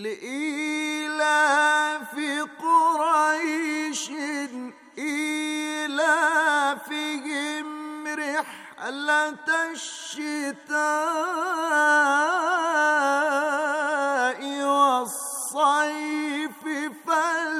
لإيلاف قريش إيلافهم رحلة الشتاء والصيف فل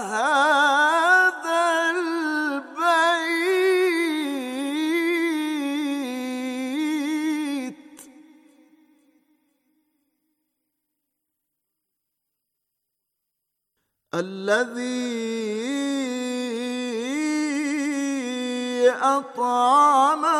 هذا البيت الذي أطعمه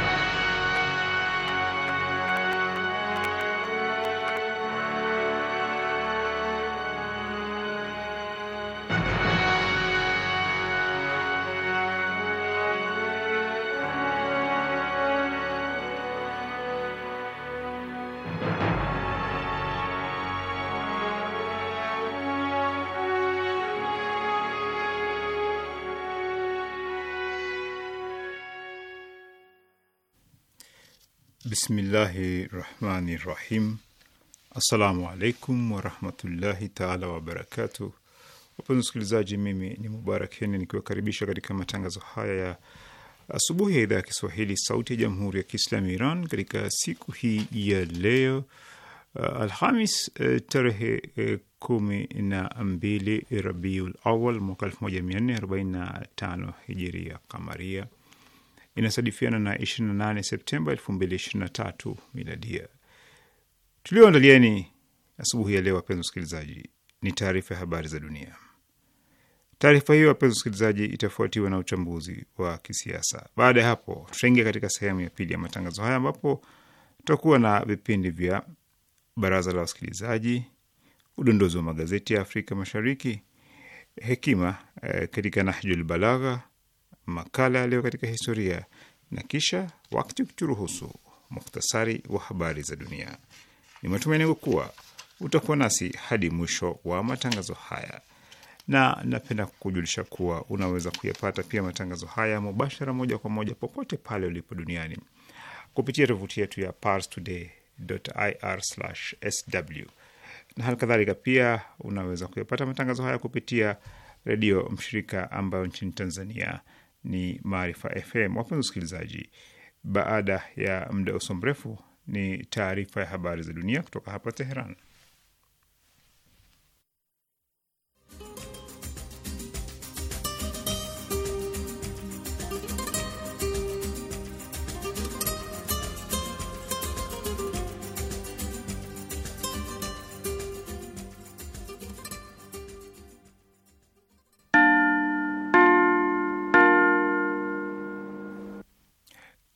Bismillahi rahmani rahim. Assalamu alaikum warahmatullahi taala wabarakatuh. Wapenzi wasikilizaji, mimi ni Mubarak Heni nikiwakaribisha katika matangazo haya ya asubuhi ya idhaa ya Kiswahili sauti ya jamhuri ya Kiislamu ya Iran katika siku hii ya leo uh, Alhamis uh, tarehe uh, kumi na mbili Rabiul Awal mwaka 1445 hijiria kamaria inasadifiana na 28 Septemba 2023 miladia. Tulioandalieni asubuhi ya leo, wapenzi wasikilizaji, ni taarifa ya habari za dunia. Taarifa hiyo, wapenzi wasikilizaji, itafuatiwa na uchambuzi wa kisiasa. Baada ya hapo, tutaingia katika sehemu ya pili ya matangazo haya ambapo tutakuwa na vipindi vya baraza la wasikilizaji, udondozi wa magazeti ya Afrika Mashariki, hekima eh, katika Nahjul Balagha makala ya leo katika historia, na kisha wakati ukituruhusu muhtasari wa habari za dunia. Ni matumaini yangu kuwa utakuwa nasi hadi mwisho wa matangazo haya, na napenda kukujulisha kuwa unaweza kuyapata pia matangazo haya mubashara, moja kwa moja, popote pale ulipo duniani kupitia tovuti yetu ya parstoday.ir/sw na hali kadhalika pia unaweza kuyapata matangazo haya kupitia redio mshirika ambayo nchini Tanzania ni Maarifa FM. Wapenzi wasikilizaji, baada ya muda usio mrefu ni taarifa ya habari za dunia kutoka hapa Teheran.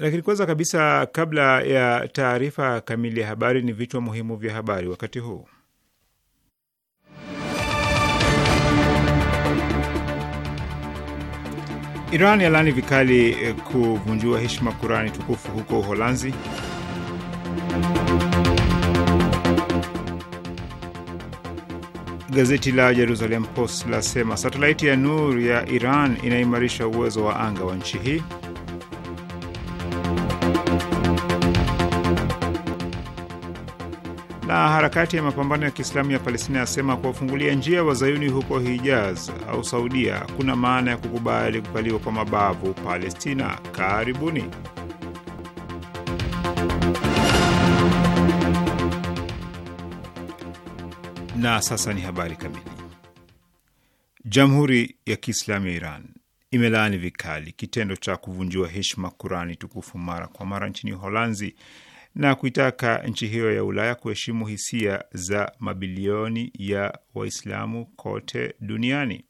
Lakini kwanza kabisa, kabla ya taarifa kamili ya habari, ni vichwa muhimu vya habari wakati huu. Iran yalani vikali eh, kuvunjiwa heshima Kurani tukufu huko Uholanzi. Gazeti la Jerusalem Post lasema satelaiti ya Nur ya Iran inaimarisha uwezo wa anga wa nchi hii. na harakati ya mapambano ya Kiislamu ya Palestina yasema kuwafungulia njia wazayuni huko Hijaz au Saudia kuna maana ya kukubali kukaliwa kwa mabavu Palestina. Karibuni. Na sasa ni habari kamili. Jamhuri ya Kiislamu ya Iran imelaani vikali kitendo cha kuvunjiwa heshima Kurani tukufu mara kwa mara nchini Holanzi na kuitaka nchi hiyo ya Ulaya kuheshimu hisia za mabilioni ya Waislamu kote duniani.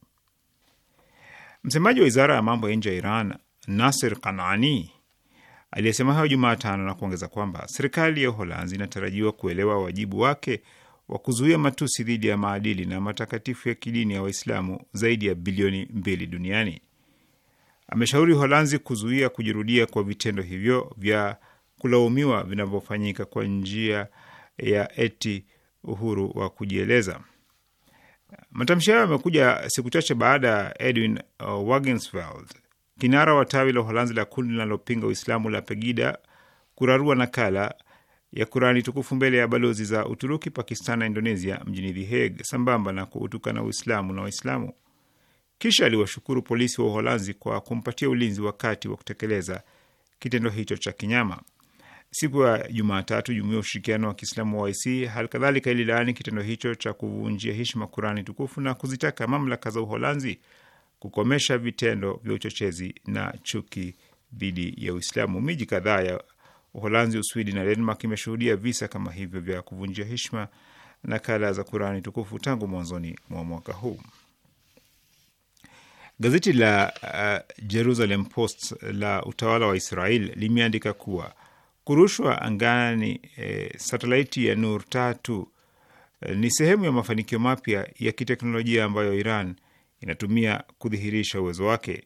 Msemaji wa wizara ya mambo ya nje ya Iran, Nasir Kanani, aliyesema hayo Jumatano na kuongeza kwamba serikali ya Uholanzi inatarajiwa kuelewa wajibu wake wa kuzuia matusi dhidi ya maadili na matakatifu ya kidini ya Waislamu zaidi ya bilioni mbili duniani. Ameshauri Uholanzi kuzuia kujirudia kwa vitendo hivyo vya kulaumiwa vinavyofanyika kwa njia ya eti uhuru wa kujieleza. Matamshi hayo yamekuja siku chache baada ya Edwin uh, Wagensveld, kinara wa tawi la Uholanzi la kundi linalopinga Uislamu la Pegida, kurarua nakala ya Kurani tukufu mbele ya balozi za Uturuki, Pakistan na Indonesia mjini The Hague, sambamba na kuutukana Uislamu na Waislamu. Kisha aliwashukuru polisi wa Uholanzi kwa kumpatia ulinzi wakati wa kutekeleza kitendo hicho cha kinyama siku ya Jumatatu, jumuia ya Ushirikiano wa Kiislamu wa OIC hali kadhalika ililaani kitendo hicho cha kuvunjia heshima Kurani tukufu na kuzitaka mamlaka za Uholanzi kukomesha vitendo vya uchochezi na chuki dhidi ya Uislamu. Miji kadhaa ya Uholanzi, Uswidi na Denmark imeshuhudia visa kama hivyo vya kuvunjia heshima nakala za Kurani tukufu tangu mwanzoni mwa mwaka huu. Gazeti la uh, Jerusalem Post la utawala wa Israel limeandika kuwa kurushwa angani e, satelaiti ya Nur tatu e, ni sehemu ya mafanikio mapya ya kiteknolojia ambayo Iran inatumia kudhihirisha uwezo wake.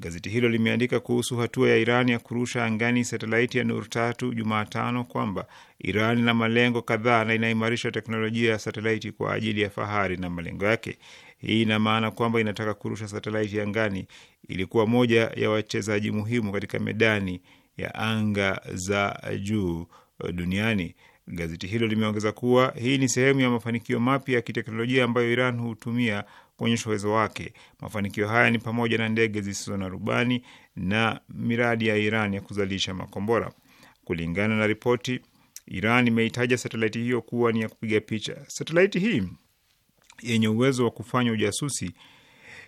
Gazeti hilo limeandika kuhusu hatua ya Iran ya kurusha angani satelaiti ya Nur tatu Jumatano kwamba Iran ina malengo kadhaa na inaimarisha teknolojia ya satelaiti kwa ajili ya fahari na malengo yake. Hii ina maana kwamba inataka kurusha satelaiti angani, ilikuwa moja ya wachezaji muhimu katika medani ya anga za juu uh, duniani. Gazeti hilo limeongeza kuwa hii ni sehemu ya mafanikio mapya ya kiteknolojia ambayo Iran hutumia kuonyesha uwezo wake. Mafanikio haya ni pamoja na ndege zisizo na rubani na miradi ya Iran ya kuzalisha makombora. Kulingana na ripoti, Iran imeitaja satelaiti hiyo kuwa ni ya kupiga picha. Satelaiti hii yenye uwezo wa kufanya ujasusi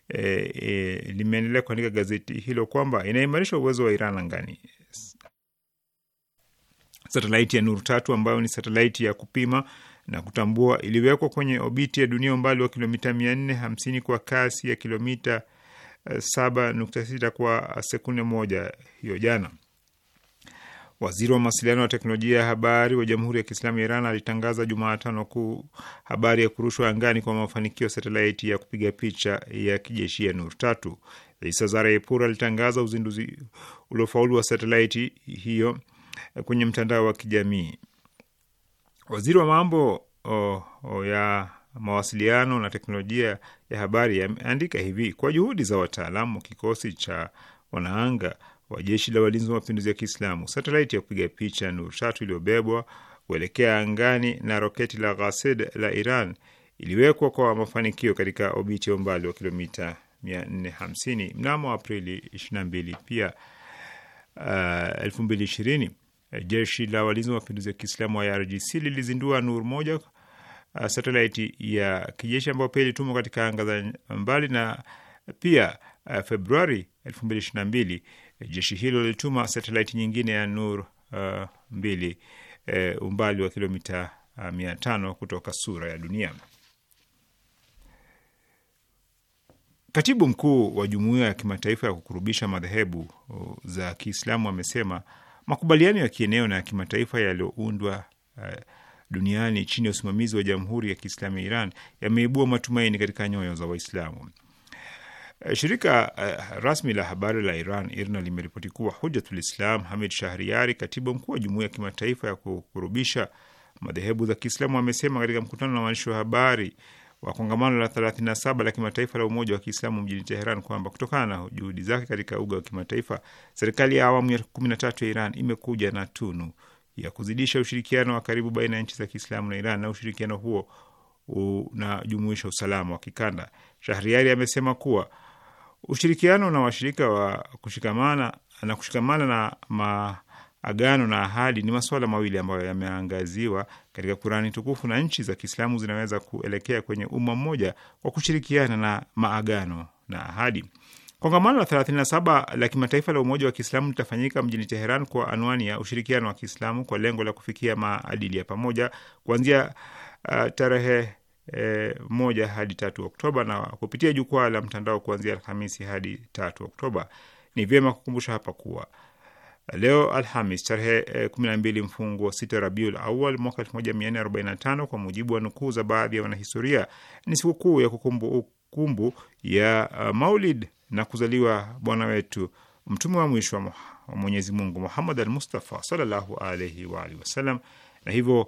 e, e, limeendelea kuandika gazeti hilo kwamba inaimarisha uwezo wa Iran angani. Satelaiti ya Nur tatu ambayo ni satelaiti ya kupima na kutambua iliwekwa kwenye obiti ya dunia umbali wa kilomita 450 kwa kasi ya kilomita 7.6 eh, kwa sekunde moja hiyo jana. Waziri wa mawasiliano wa teknolojia ya habari wa Jamhuri ya Kiislamu ya Iran alitangaza Jumatano kuu habari ya kurushwa angani kwa mafanikio satelaiti ya kupiga picha ya kijeshi ya Nur tatu. Isa Zarepour alitangaza uzinduzi uliofaulu wa satelaiti hiyo kwenye mtandao wa kijamii. Waziri wa mambo oh, oh, ya mawasiliano na teknolojia ya habari yameandika hivi: kwa juhudi za wataalamu kikosi cha wanaanga wa jeshi la walinzi wa mapinduzi ya Kiislamu, satelaiti ya kupiga picha Nur tatu iliyobebwa kuelekea angani na roketi la Ghasid la Iran iliwekwa kwa mafanikio katika obiti ya umbali wa kilomita 450 mnamo Aprili 22 pia uh, 2020 Eh, jeshi la walinzi wa mapinduzi ya Kiislamu wa IRGC lilizindua Nur moja eh, satelaiti ya kijeshi ambayo pia ilitumwa katika anga za mbali na pia eh, Februari 2022 jeshi hilo lilituma satelaiti nyingine ya Nur uh, mbili uh, umbali wa kilomita uh, tano kutoka sura ya dunia. Katibu mkuu wa jumuiya ya kimataifa ya kukurubisha madhehebu uh, za Kiislamu amesema Makubaliano ya kieneo na ya kimataifa yaliyoundwa uh, duniani chini ya usimamizi wa Jamhuri ya Kiislamu ya Iran yameibua matumaini katika nyoyo za Waislamu. Uh, shirika uh, rasmi la habari la Iran IRNA limeripoti kuwa hujatulislam Islam Hamid Shahriari, katibu mkuu wa Jumuiya ya Kimataifa ya Kukurubisha Madhehebu za Kiislamu, amesema katika mkutano na waandishi wa habari wa kongamano la 37 la kimataifa la umoja wa Kiislamu mjini Teheran kwamba kutokana na juhudi zake katika uga wa kimataifa, serikali ya awamu ya 13 ya Iran imekuja na tunu ya kuzidisha ushirikiano wa karibu baina ya nchi za Kiislamu na Iran, na ushirikiano huo unajumuisha usalama wa kikanda. Shahriari amesema kuwa ushirikiano na washirika wa kushikamana na kushikamana na ma agano na ahadi ni masuala mawili ambayo yameangaziwa katika Kurani tukufu na nchi za Kiislamu zinaweza kuelekea kwenye umma mmoja kwa kushirikiana na maagano na ahadi. Kongamano la 37 la kimataifa la Umoja wa Kiislamu litafanyika mjini Teheran kwa anwani ya ushirikiano wa Kiislamu kwa lengo la kufikia maadili ya pamoja kuanzia uh, tarehe E, moja hadi tatu Oktoba na kupitia jukwaa la mtandao kuanzia Alhamisi hadi tatu Oktoba. Ni vyema kukumbusha hapa kuwa leo Alhamis tarehe 12 eh, mfunguo sita Rabiul Awal mwaka 1445 kwa mujibu wa nukuu za baadhi ya wanahistoria, ni sikukuu ya kukumbukumbu ya eh, Maulid na kuzaliwa bwana wetu mtume wa mwisho wa Mwenyezi Mungu Muhammad al Mustafa sallallahu alaihi wa alihi wasallam. Na hivyo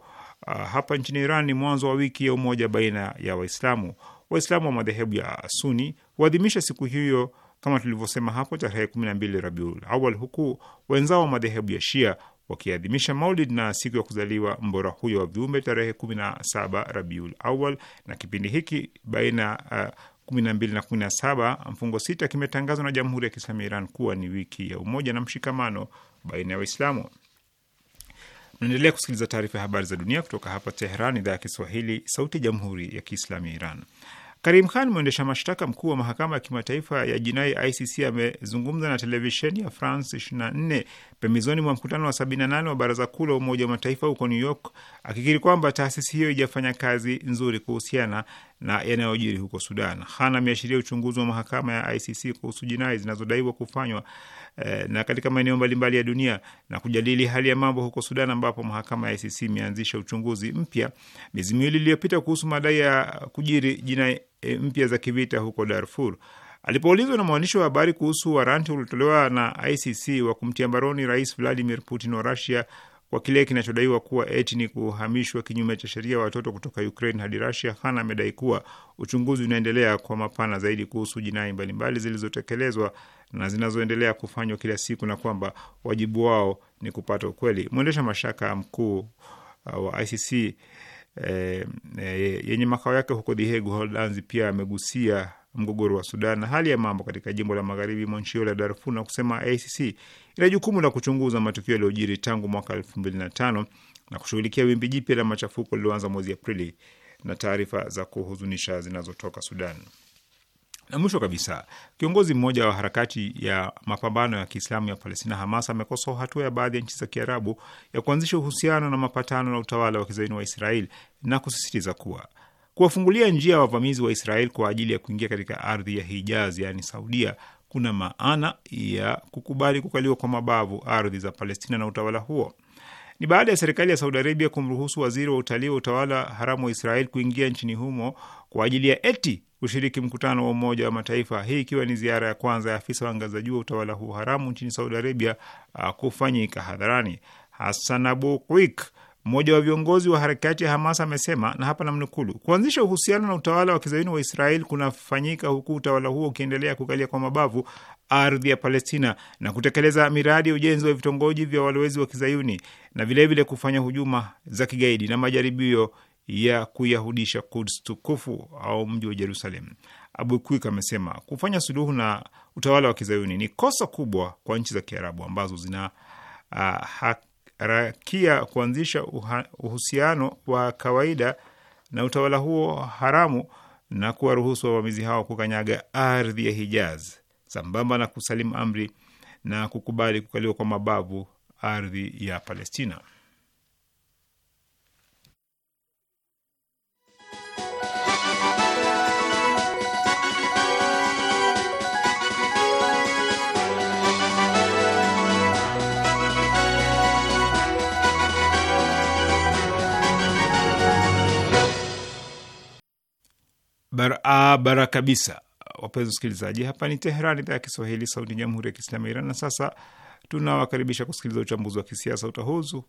uh, hapa nchini Iran ni mwanzo wa wiki ya umoja baina ya Waislamu. Waislamu wa madhehebu ya Suni huadhimisha siku hiyo kama tulivyosema hapo, tarehe 12 Rabiul Awal, huku wenzao wa madhehebu ya Shia wakiadhimisha Maulid na siku ya kuzaliwa mbora huyo wa viumbe tarehe 17 Rabiul Awal. Na kipindi hiki baina uh, 12 na 17 mfungo sita kimetangazwa na Jamhuri ya Kiislamu ya Iran kuwa ni wiki ya umoja na mshikamano baina ya Waislamu. naendelea kusikiliza taarifa ya habari za dunia kutoka hapa Tehran, idhaa ya Kiswahili, sauti ya Jamhuri ya Kiislamu ya Iran. Karim Khan, mwendesha mashtaka mkuu wa mahakama ya kimataifa ya jinai ICC, amezungumza na televisheni ya France 24 pembezoni mwa mkutano wa 78 wa baraza kuu la Umoja wa Mataifa huko New York, akikiri kwamba taasisi hiyo haijafanya kazi nzuri kuhusiana na yanayojiri huko Sudan. Han ameashiria uchunguzi wa mahakama ya ICC kuhusu jinai zinazodaiwa kufanywa eh, na katika maeneo mbalimbali ya dunia na kujadili hali ya mambo huko Sudan, ambapo mahakama ya ICC imeanzisha uchunguzi mpya miezi miwili iliyopita kuhusu madai ya kujiri jinai eh, mpya za kivita huko Darfur. Alipoulizwa na mwandishi wa habari kuhusu waranti uliotolewa na ICC wa kumtia mbaroni Rais Vladimir Putin wa Rusia kwa kile kinachodaiwa kuwa eti ni kuhamishwa kinyume cha sheria watoto kutoka Ukraine hadi Russia, Khan amedai kuwa uchunguzi unaendelea kwa mapana zaidi kuhusu jinai mbalimbali zilizotekelezwa na zinazoendelea kufanywa kila siku na kwamba wajibu wao ni kupata ukweli. Mwendesha mashtaka mkuu uh, wa ICC eh, eh, yenye makao yake huko The Hague, pia amegusia mgogoro wa Sudan na hali ya mambo katika jimbo la magharibi mwa nchi hiyo la Darfur na kusema ICC ina jukumu la kuchunguza matukio yaliyojiri tangu mwaka mbili na kushughulikia wimbi jipya la machafuko lililoanza mwezi Aprili na taarifa za kuhuzunisha zinazotoka Sudan. Na mwisho kabisa, kiongozi mmoja wa harakati ya mapambano ya Kiislamu ya Palestina Hamas amekosoa hatua ya baadhi ya nchi za Kiarabu ya kuanzisha uhusiano na mapatano na utawala wa kizaini wa israel na kusisitiza kuwa Kuwafungulia njia ya wavamizi wa Israel kwa ajili ya kuingia katika ardhi ya Hijaz, yaani Saudia, kuna maana ya kukubali kukaliwa kwa mabavu ardhi za Palestina na utawala huo. Ni baada ya serikali ya Saudi Arabia kumruhusu waziri wa utalii wa utawala haramu wa Israel kuingia nchini humo kwa ajili ya eti kushiriki mkutano wa Umoja wa Mataifa, hii ikiwa ni ziara ya kwanza ya afisa wa ngazi za juu wa utawala huu haramu nchini Saudi Arabia uh, kufanyika hadharani. Hassan Abu Kwik mmoja wa viongozi wa harakati ya Hamas amesema, na hapa namnukulu, kuanzisha uhusiano na utawala wa kizayuni wa Israel kunafanyika huku utawala huo ukiendelea kukalia kwa mabavu ardhi ya Palestina na kutekeleza miradi ya ujenzi wa vitongoji vya walowezi wa kizayuni na vilevile vile kufanya hujuma za kigaidi na majaribio ya kuyahudisha Kuds tukufu au mji wa Jerusalem. Abu Kwik amesema kufanya suluhu na utawala wa kizayuni ni kosa kubwa kwa nchi za Kiarabu ambazo zina uh, hak rakia kuanzisha uhusiano wa kawaida na utawala huo haramu na kuwaruhusu wavamizi hao kukanyaga ardhi ya Hijaz sambamba na kusalimu amri na kukubali kukaliwa kwa mabavu ardhi ya Palestina. barabara bara kabisa. Wapenzi wasikilizaji, hapa ni Teheran, idhaa ya Kiswahili, sauti ya jamhuri ya kiislamu ya Iran. Na sasa tunawakaribisha kusikiliza uchambuzi wa kisiasa. utahuzu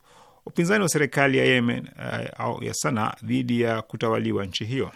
upinzani wa serikali ya Yemen eh, au uh, ya sana dhidi ya kutawaliwa nchi hiyo.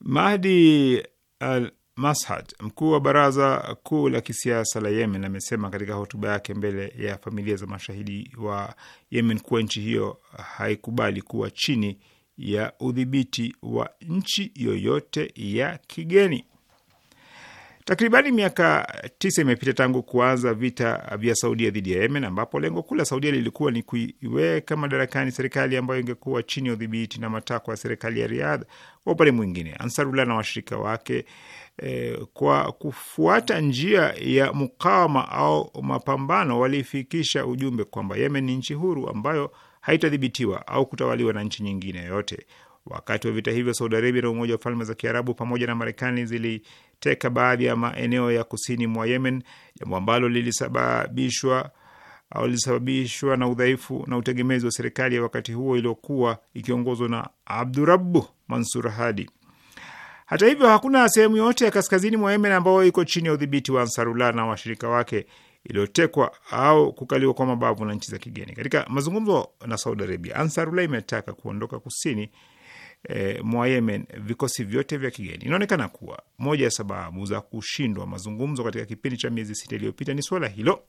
Mahdi al Mashad, mkuu wa baraza kuu la kisiasa la Yemen, amesema katika hotuba yake mbele ya familia za mashahidi wa Yemen kuwa nchi hiyo haikubali kuwa chini ya udhibiti wa nchi yoyote ya kigeni. Takribani miaka tisa imepita tangu kuanza vita vya Saudia dhidi ya Yemen, ambapo lengo kuu la Saudia lilikuwa ni kuiweka madarakani serikali ambayo ingekuwa chini ya udhibiti na matakwa ya serikali ya Riadha. Kwa upande mwingine, Ansarullah na washirika wake eh, kwa kufuata njia ya mukawama au mapambano, walifikisha ujumbe kwamba Yemen ni nchi huru ambayo haitadhibitiwa au kutawaliwa na nchi nyingine yoyote. Wakati wa vita hivyo, Saudi Arabia na Umoja wa Falme za Kiarabu pamoja na Marekani zili kuteka baadhi ya maeneo ya kusini mwa Yemen, jambo ambalo lilisababishwa au lilisababishwa na udhaifu na utegemezi wa serikali ya wakati huo iliyokuwa ikiongozwa na Abdurabu Mansur Hadi. Hata hivyo, hakuna sehemu yote ya kaskazini mwa Yemen ambayo iko chini ya udhibiti wa Ansarullah na washirika wake iliyotekwa au kukaliwa kwa mabavu na nchi za kigeni. Katika mazungumzo na Saudi Arabia, Ansarullah imetaka kuondoka kusini e, mwa Yemen vikosi vyote vya kigeni. Inaonekana kuwa moja ya sababu za kushindwa mazungumzo katika kipindi cha miezi sita iliyopita ni suala hilo,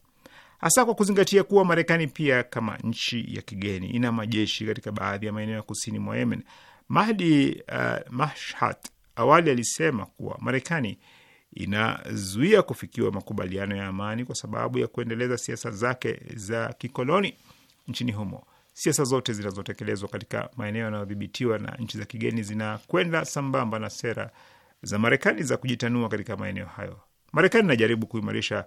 hasa kwa kuzingatia kuwa Marekani pia kama nchi ya kigeni ina majeshi katika baadhi ya maeneo ya kusini mwa Yemen. Mahdi uh, eh, Mashhat awali alisema kuwa Marekani inazuia kufikiwa makubaliano ya amani kwa sababu ya kuendeleza siasa zake za kikoloni nchini humo siasa zote zinazotekelezwa katika maeneo yanayodhibitiwa na nchi za kigeni zinakwenda sambamba na sera za Marekani za kujitanua katika maeneo hayo. Marekani inajaribu kuimarisha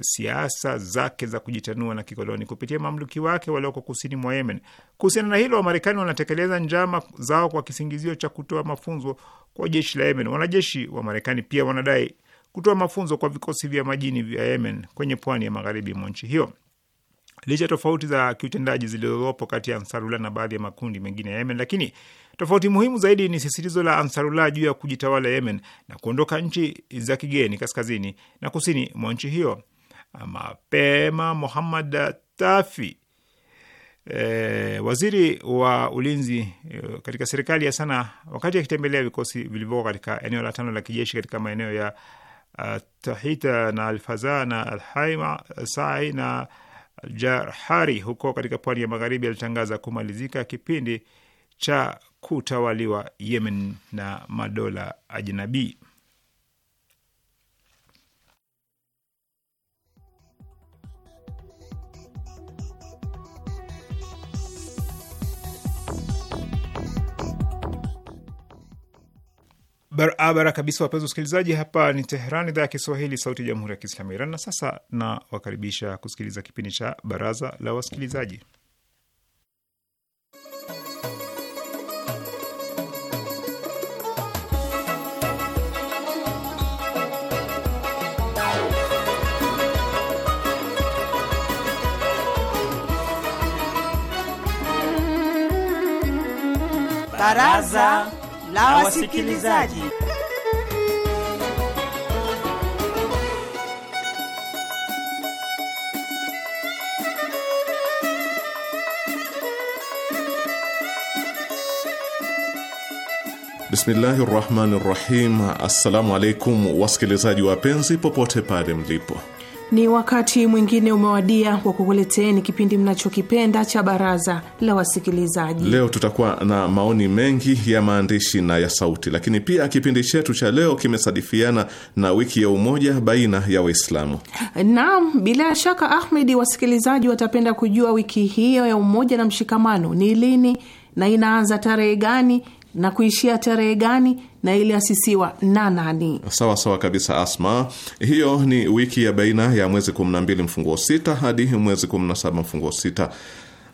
siasa zake za kujitanua na kikoloni kupitia mamluki wake walioko kusini mwa Yemen. Kuhusiana na hilo, Wamarekani wanatekeleza njama zao kwa kisingizio cha kutoa mafunzo kwa jeshi la Yemen. Wanajeshi wa Marekani pia wanadai kutoa mafunzo kwa vikosi vya majini vya Yemen kwenye pwani ya magharibi mwa nchi hiyo licha tofauti za kiutendaji zilizopo kati ya Ansarullah na baadhi ya makundi mengine ya Yemen, lakini tofauti muhimu zaidi ni sisitizo la Ansarullah juu ya kujitawala Yemen na kuondoka nchi za kigeni kaskazini na kusini mwa nchi hiyo. Mapema Muhammad Tafi e, waziri wa ulinzi e, katika serikali ya Sana, wakati akitembelea vikosi vilivyoko katika eneo la tano la kijeshi katika maeneo ya eh, Tahita na Alfaza na Alhaima Sai na Jahari huko katika pwani ya magharibi alitangaza kumalizika kipindi cha kutawaliwa Yemen na madola ajnabii. barabara ah, kabisa, wapenzi wasikilizaji, hapa ni Teheran, idhaa ya Kiswahili, sauti ya jamhuri ya kiislamu ya Iran. Na sasa nawakaribisha kusikiliza kipindi cha baraza la wasikilizaji. Baraza la wasikilizaji. Bismillahi rahmani rahim. Assalamu alaikum wasikilizaji wapenzi, popote pale mlipo ni wakati mwingine umewadia wa kukuleteeni kipindi mnachokipenda cha Baraza la Wasikilizaji. Leo tutakuwa na maoni mengi ya maandishi na ya sauti, lakini pia kipindi chetu cha leo kimesadifiana na wiki ya umoja baina ya Waislamu. Naam, bila shaka Ahmedi, wasikilizaji watapenda kujua wiki hiyo ya umoja na mshikamano ni lini na inaanza tarehe gani na kuishia tarehe gani na iliasisiwa na nani? Sawa sawa kabisa, Asma. Hiyo ni wiki ya baina ya mwezi 12 mfunguo sita hadi mwezi 17 mfunguo sita.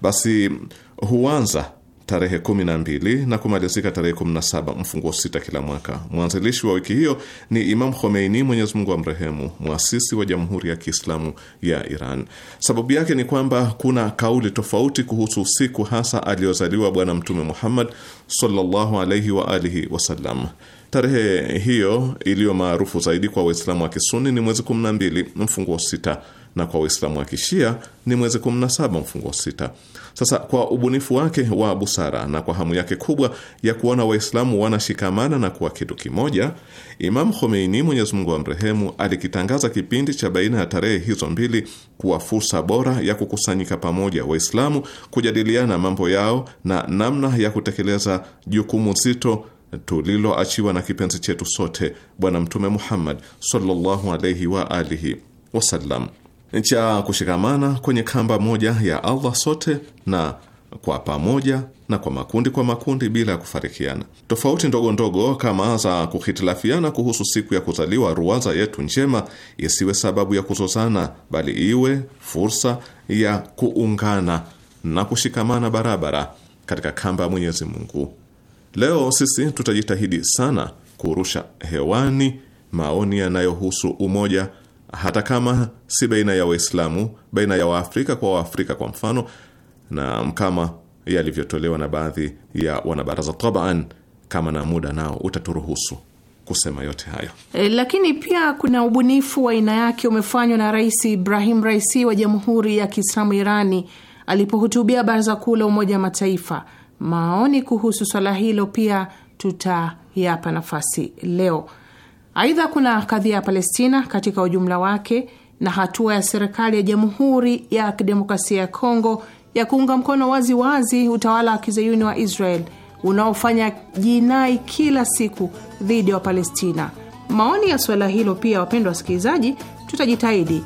Basi huanza tarehe 12 na kumalizika tarehe 17 mfungo 6 kila mwaka. Mwanzilishi wa wiki hiyo ni Imam Khomeini, Mwenyezi Mungu amrehemu, mwasisi wa Jamhuri ya Kiislamu ya Iran. Sababu yake ni kwamba kuna kauli tofauti kuhusu siku hasa aliyozaliwa Bwana Mtume Muhammad sallallahu alayhi wa alihi wasallam. Tarehe hiyo iliyo maarufu zaidi kwa Waislamu wa Kisuni ni mwezi 12 mfungo sita na kwa Waislamu wa Kishia ni mwezi 17 mfungo sita. Sasa kwa ubunifu wake wa busara na kwa hamu yake kubwa ya kuona Waislamu wanashikamana na kuwa kitu kimoja, Imam Khomeini, Mwenyezi Mungu amrehemu, alikitangaza kipindi cha baina ya tarehe hizo mbili kuwa fursa bora ya kukusanyika pamoja Waislamu, kujadiliana mambo yao na namna ya kutekeleza jukumu zito tuliloachiwa na kipenzi chetu sote Bwana Mtume Muhammad sallallahu alaihi wa alihi wasallam cha kushikamana kwenye kamba moja ya Allah sote na kwa pamoja na kwa makundi kwa makundi bila ya kufarikiana. Tofauti ndogo ndogo kama za kuhitilafiana kuhusu siku ya kuzaliwa ruwaza yetu njema isiwe sababu ya kuzozana, bali iwe fursa ya kuungana na kushikamana barabara katika kamba ya Mwenyezi Mungu. Leo sisi tutajitahidi sana kurusha hewani maoni yanayohusu umoja hata kama si baina ya Waislamu, baina ya Waafrika kwa Waafrika kwa mfano, na kama yalivyotolewa na baadhi ya wanabaraza tabaan, kama na muda nao utaturuhusu kusema yote hayo. E, lakini pia kuna ubunifu wa aina yake umefanywa na Rais Ibrahim Raisi wa Jamhuri ya Kiislamu Irani alipohutubia Baraza Kuu la Umoja wa Mataifa. Maoni kuhusu swala hilo pia tutayapa nafasi leo. Aidha, kuna kadhia ya Palestina katika ujumla wake na hatua ya serikali ya Jamhuri ya Kidemokrasia ya Kongo ya kuunga mkono wazi wazi utawala wa kizayuni wa Israel unaofanya jinai kila siku dhidi ya Wapalestina. Maoni ya suala hilo pia, wapendwa wasikilizaji, tutajitahidi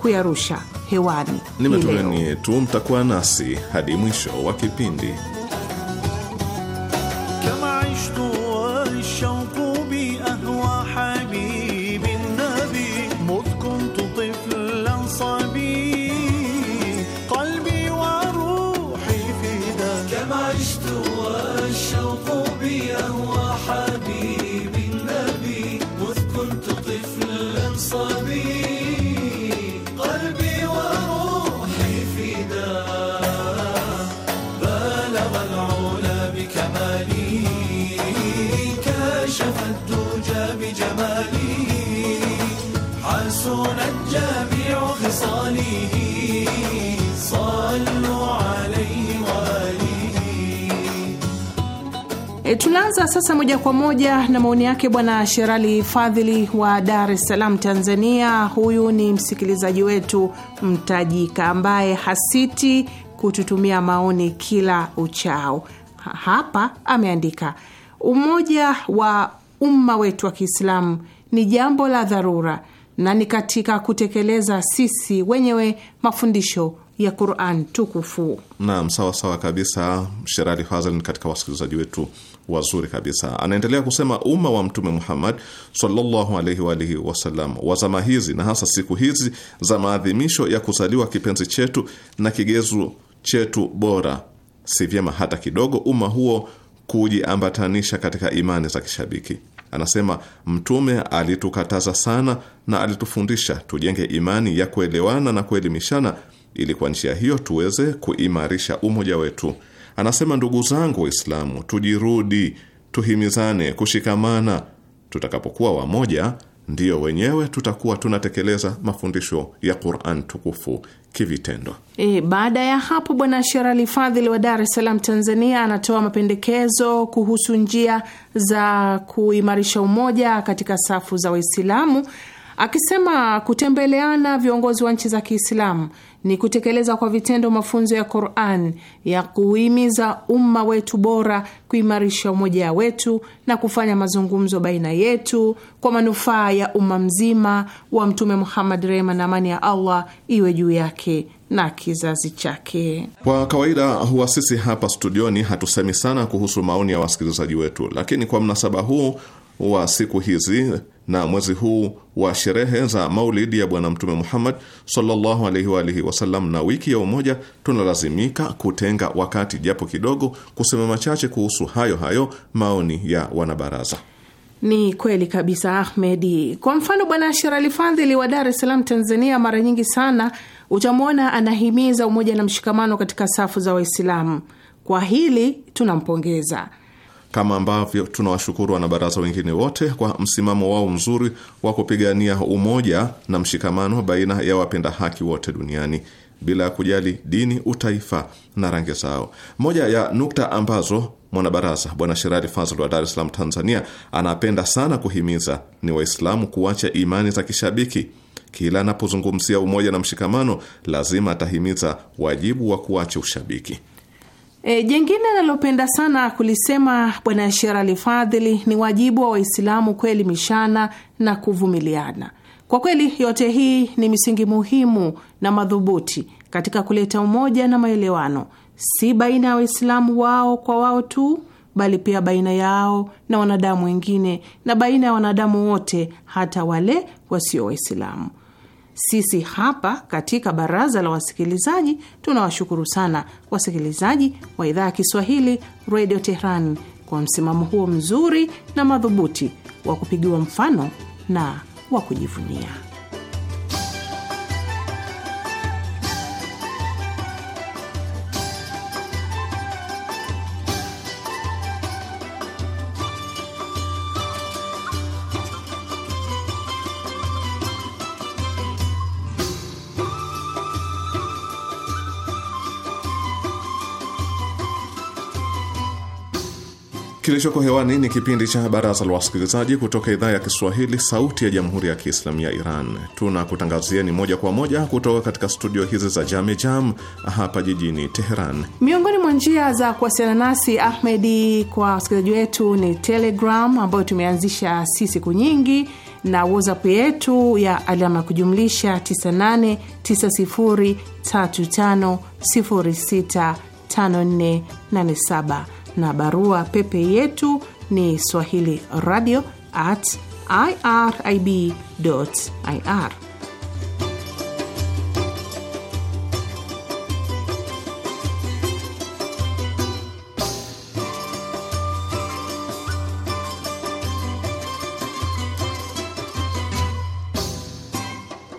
kuyarusha hewani. Ni matumaini yetu mtakuwa nasi hadi mwisho wa kipindi. Tunaanza sasa moja kwa moja na maoni yake Bwana Sherali Fadhili wa Dar es Salaam, Tanzania. Huyu ni msikilizaji wetu mtajika ambaye hasiti kututumia maoni kila uchao. Hapa ameandika, umoja wa umma wetu wa Kiislamu ni jambo la dharura na ni katika kutekeleza sisi wenyewe mafundisho ya Qur'an tukufu. Naam, sawa sawa kabisa Sherali Fazl katika wasikilizaji wetu wazuri kabisa. Anaendelea kusema umma wa Mtume Muhammad sallallahu alaihi wa alihi wasallam wa zama hizi na hasa siku hizi za maadhimisho ya kuzaliwa kipenzi chetu na kigezo chetu bora, si vyema hata kidogo umma huo kujiambatanisha katika imani za kishabiki. Anasema Mtume alitukataza sana na alitufundisha tujenge imani ya kuelewana na kuelimishana, ili kwa njia hiyo tuweze kuimarisha umoja wetu Anasema, ndugu zangu Waislamu, tujirudi, tuhimizane, kushikamana. Tutakapokuwa wamoja, ndiyo wenyewe tutakuwa tunatekeleza mafundisho ya Quran tukufu kivitendo. E, baada ya hapo Bwana Sherali Fadhili wa Dar es Salaam, Tanzania, anatoa mapendekezo kuhusu njia za kuimarisha umoja katika safu za Waislamu akisema kutembeleana viongozi wa nchi za Kiislamu ni kutekeleza kwa vitendo mafunzo ya Qur'an ya kuhimiza umma wetu bora, kuimarisha umoja wetu na kufanya mazungumzo baina yetu kwa manufaa ya umma mzima wa Mtume Muhammad, rehma na amani ya Allah iwe juu yake na kizazi chake. Kwa kawaida huwa sisi hapa studioni hatusemi sana kuhusu maoni ya wasikilizaji wetu, lakini kwa mnasaba huu wa siku hizi na mwezi huu wa sherehe za maulidi ya Bwana Mtume Muhammad sallallahu alaihi wa alihi wasallam na wiki ya umoja, tunalazimika kutenga wakati japo kidogo kusema machache kuhusu hayo hayo maoni ya wanabaraza. Ni kweli kabisa Ahmedi. Kwa mfano, Bwana Sherali Fadhili wa Dar es Salaam, Tanzania, mara nyingi sana utamwona anahimiza umoja na mshikamano katika safu za Waislamu. Kwa hili tunampongeza kama ambavyo tunawashukuru wanabaraza wengine wote kwa msimamo wao mzuri wa kupigania umoja na mshikamano baina ya wapenda haki wote duniani bila ya kujali dini, utaifa na rangi zao. Moja ya nukta ambazo mwanabaraza Bwana Sherali Fazl wa Dar es Salaam, Tanzania, anapenda sana kuhimiza ni Waislamu kuacha imani za kishabiki. Kila anapozungumzia umoja na mshikamano, lazima atahimiza wajibu wa kuacha ushabiki. E, jengine nalopenda sana kulisema Bwana Sherali Fadhili ni wajibu wa Waislamu kuelimishana na kuvumiliana. Kwa kweli yote hii ni misingi muhimu na madhubuti katika kuleta umoja na maelewano, si baina ya Waislamu wao kwa wao tu, bali pia baina yao na wanadamu wengine na baina ya wanadamu wote, hata wale wasio Waislamu. Sisi hapa katika baraza la wasikilizaji tunawashukuru sana wasikilizaji wa idhaa ya Kiswahili Radio tehran kwa msimamo huo mzuri na madhubuti wa kupigiwa mfano na wa kujivunia. Kilichoko hewani ni kipindi cha Baraza la Wasikilizaji kutoka idhaa ya Kiswahili, Sauti ya Jamhuri ya Kiislamu ya Iran. Tunakutangazieni moja kwa moja kutoka katika studio hizi za Jame Jam hapa jijini Teheran. Miongoni mwa njia za kuwasiliana nasi Ahmedi, kwa wasikilizaji wetu ni Telegram ambayo tumeanzisha si siku nyingi, na WhatsApp yetu ya alama ya kujumlisha 989035065487 na barua pepe yetu ni swahili radio at irib ir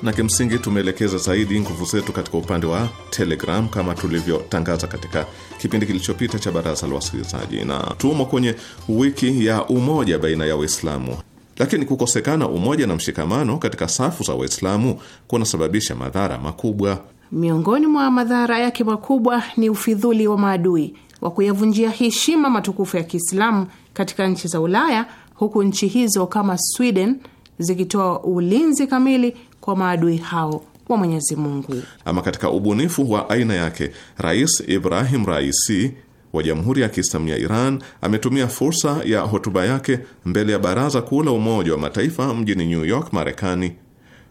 na kimsingi tumeelekeza zaidi nguvu zetu katika upande wa Telegram kama tulivyotangaza katika kipindi kilichopita cha Baraza la Wasikilizaji, na tumo kwenye wiki ya umoja baina ya Waislamu. Lakini kukosekana umoja na mshikamano katika safu za Waislamu kunasababisha madhara makubwa. Miongoni mwa madhara yake makubwa ni ufidhuli wa maadui wa kuyavunjia heshima matukufu ya Kiislamu katika nchi za Ulaya, huku nchi hizo kama Sweden zikitoa ulinzi kamili kwa maadui hao wa Mwenyezi Mungu. Ama katika ubunifu wa aina yake, Rais Ibrahim Raisi wa Jamhuri ya Kiislamu ya Iran ametumia fursa ya hotuba yake mbele ya Baraza Kuu la Umoja wa Mataifa mjini New York, Marekani,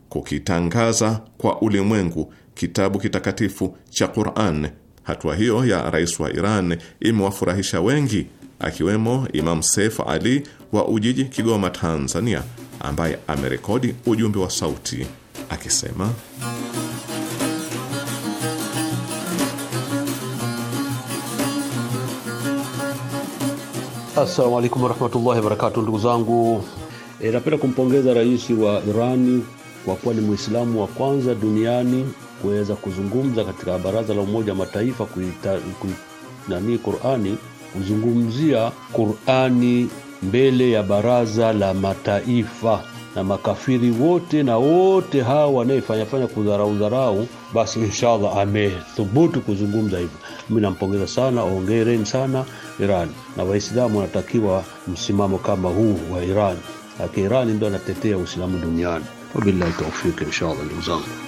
kukitangaza kwa ulimwengu kitabu kitakatifu cha Quran. Hatua hiyo ya rais wa Iran imewafurahisha wengi, akiwemo Imam sef Ali wa Ujiji, Kigoma, Tanzania ambaye amerekodi ujumbe wa sauti akisema: Assalamu alaikum warahmatullahi wabarakatuh. Ndugu zangu, e, napenda kumpongeza rais wa Irani kwa kuwa ni Mwislamu wa kwanza duniani kuweza kuzungumza katika Baraza la Umoja wa Mataifa kuita, kuita, nani Qurani kuzungumzia Qurani mbele ya baraza la mataifa na makafiri wote na wote hawa wanayefanyafanya kudharaudharau, basi inshallah amethubutu kuzungumza hivyo. Mimi nampongeza sana, ongereni sana Iran na Waislamu wanatakiwa msimamo kama huu wa Iran. Aki Irani ndo anatetea Uislamu duniani. Wabillahi taufiki, inshallah ndugu zangu.